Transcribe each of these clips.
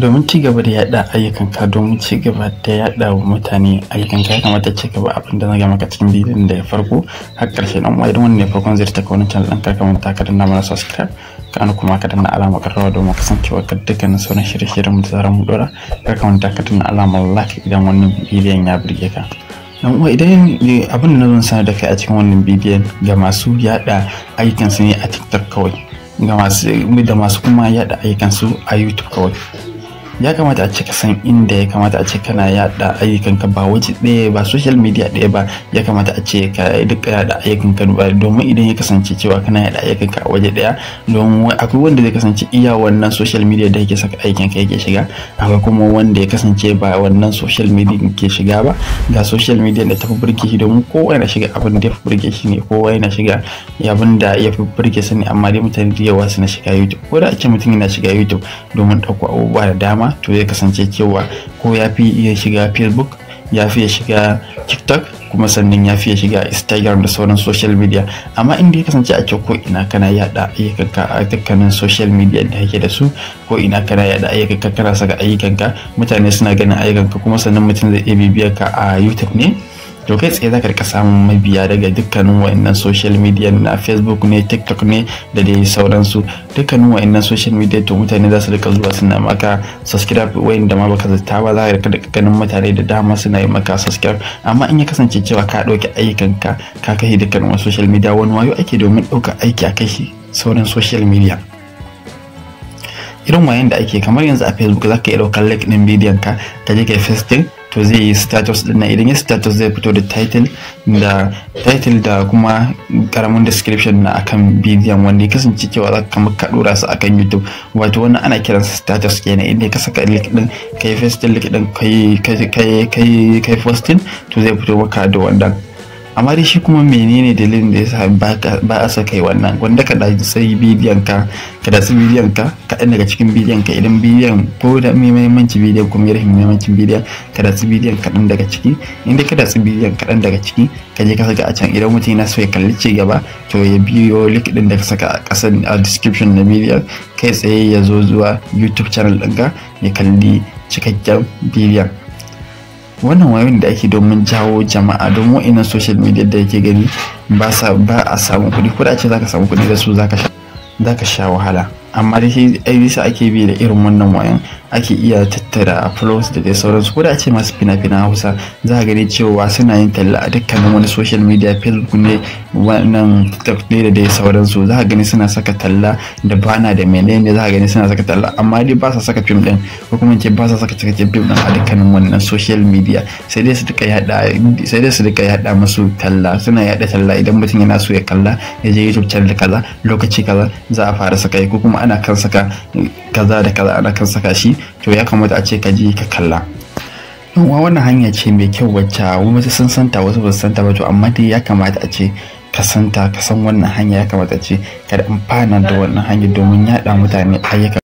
domin ci gaba da yada ayyukanka domin ci gaba da yada wa mutane ayyukanka ya kamata ci gaba abin da zan maka cikin bidiyon da ya farko har karshe dan uwa idan wannan ne farkon zai ta wani channel ɗin kaka manta ka danna mana subscribe ana kuma ka danna alama karrawa domin kasancewa ka dukkanin sauran shirye-shiryen mu da zaran mu dora ka kamata ka danna alamar like idan wannan bidiyon ya burge ka dan uwa idan abin da zan sanar da kai a cikin wannan bidiyon ga masu yada ayyukansu ne a tiktok kawai ga masu da masu kuma yada ayyukansu a youtube kawai ya kamata a ce ka san inda ya kamata a ce kana yada ayyukanka ba waje ɗaya ba social media ɗaya ba ya kamata a ce ka duka yada ayyukanka domin idan ya kasance cewa kana yada ayyukanka a waje ɗaya don akwai wanda zai kasance iya wannan social media da yake saka ka yake shiga akwai kuma wanda ya kasance ba wannan social media ke shiga ba ga social media da ta fi burge shi domin kowa yana shiga abin da ya fi burge shi ne kowa yana shiga abin da ya fi burge su ne amma dai mutane da yawa suna shiga youtube ko da ake mutum yana shiga youtube domin ɗauko abubuwa da dama to ya kasance cewa ko ya fi iya shiga facebook ya fi shiga tiktok kuma sannan ya fi shiga instagram da sauran social media amma inda ya kasance a ko ina kana yada ayyukanka a dukkanin social media da yake da su ko ina kana yada ayyukanka kana saka ka mutane suna ganin ka kuma sannan mutum zai iya bibiyar ka a youtube ne to kai tsaye zaka rika samun mabiya daga dukkanin wa'annan social media na facebook ne tiktok ne da dai sauransu dukkanin wa'annan social media to mutane za su rika zuwa suna maka subscribe da ma baka zata ba za ka rika ganin mutane da dama suna yi maka subscribe amma in ya kasance cewa ka dauki ayyukan ka kai dukkanin wani social media wani wayo ake domin dauka aiki a kai sauran social media irin wayan da ake kamar yanzu a facebook zaka ka iya link din bidiyon ka ka je ka yi to zai yi status din idan ya status zai fito da title da title da kuma karamin description na akan bidiyon wanda ya kasance cewa za ka maka dora su akan youtube wato wani ana kiran sa status kenan idan ka saka link din kai first link din kai kai kai kai din to zai fito maka da wannan amma dai shi kuma menene dalilin da yasa ba a sa kai wannan wanda ka daji sai bidiyon ka ka dasu bidiyon ka kaɗan daga cikin bidiyon ka idan bidiyon ko da mai mahimmanci bidiyon kuma ya rahim mahimmancin bidiyon ka dasu bidiyon kaɗan daga ciki inda ka dasu bidiyon daga ciki ka je ka saka a can idan mutum yana so ya kalli ci gaba to ya biyo link ɗin da ka saka a ƙasan a description na bidiyon kai tsaye ya zo zuwa youtube channel ɗinka ya kalli cikakken bidiyon wannan wayoyin da ake domin jawo jama'a don wa'innan social media da yake gani ba a samun kudi ko da ce zaka samu kudi da su zaka sha wahala amma da shi bisa ake bi da irin wannan wayan ake iya tattara flows da dai sauransu ko da ce masu fina-fina hausa za a gani cewa suna yin talla a dukkanin wani social media facebook ne wannan tiktok ne da dai sauransu za a gani suna saka talla da bana da menene za a gani suna saka talla amma dai ba sa saka fim din ko kuma ce ba sa saka cikakken fim din a dukkanin wannan social media sai dai su duka yada sai dai su duka yada musu talla suna yada talla idan mutum yana so ya kalla ya je youtube channel kaza lokaci kaza za a fara saka ko kuma ana kan saka kaza da kaza ana kan saka shi to ya kamata a ce ka je ka kalla yanwa wannan hanya ce mai kyau wacce wasu sun santa wasu ba santa ba to amma dai ya kamata a ce ka santa ka san wannan hanya ya kamata a ce ka da amfana da wannan hanya domin yaɗa mutane ayyuka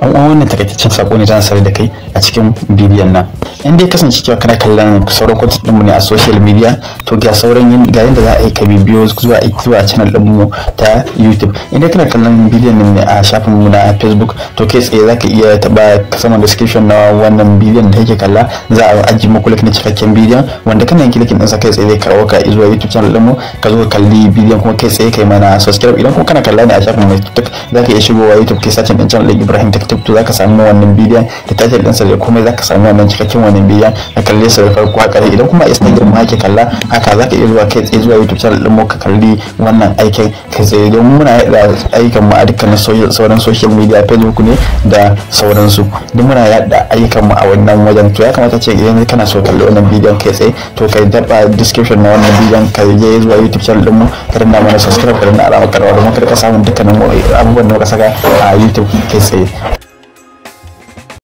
an wannan takaitaccen sako ne zan sanar da kai a cikin bidiyon nan in dai kasance cewa kana kallon sauran content ɗinmu ne a social media to ga sauran ga yanda za a yi ka bibiyo zuwa zuwa channel ɗinmu ta YouTube in dai kana kallon bidiyon nan ne a shafin mu na Facebook to kai tsaye zaka iya taba saman description na wannan bidiyon da kake kalla za a aji muku link na cikakken bidiyon wanda kana yin clicking ɗinsa kai tsaye zai karɓo ka zuwa YouTube channel ɗinmu ka zo ka kalli bidiyon kuma kai tsaye kai mana subscribe idan kuma kana kalla ne a shafin mu TikTok zaka iya shigowa YouTube kai sacin ɗin channel ɗin Ibrahim Tech tiktok to zaka samu wannan bidiyon da title ɗinsa da komai zaka samu wannan cikakken wannan bidiyon da kalle sa da farko haka idan kuma instagram ma ke kalla haka zaka iya zuwa kai tsaye zuwa youtube channel ɗin mu ka kalli wannan aikin kai tsaye don muna yaɗa ayyukan mu a dukkanin sauran social media facebook ne da sauransu duk muna yaɗa ayyukan mu a wannan wajen to ya kamata ce idan kana so kalli wannan bidiyon kai tsaye to kai daba description na wannan bidiyon ka je zuwa youtube channel ɗin mu ka danna mana subscribe ka danna alamar karwa domin ka samu samun dukkanin abubuwan da muka saka a youtube kai tsaye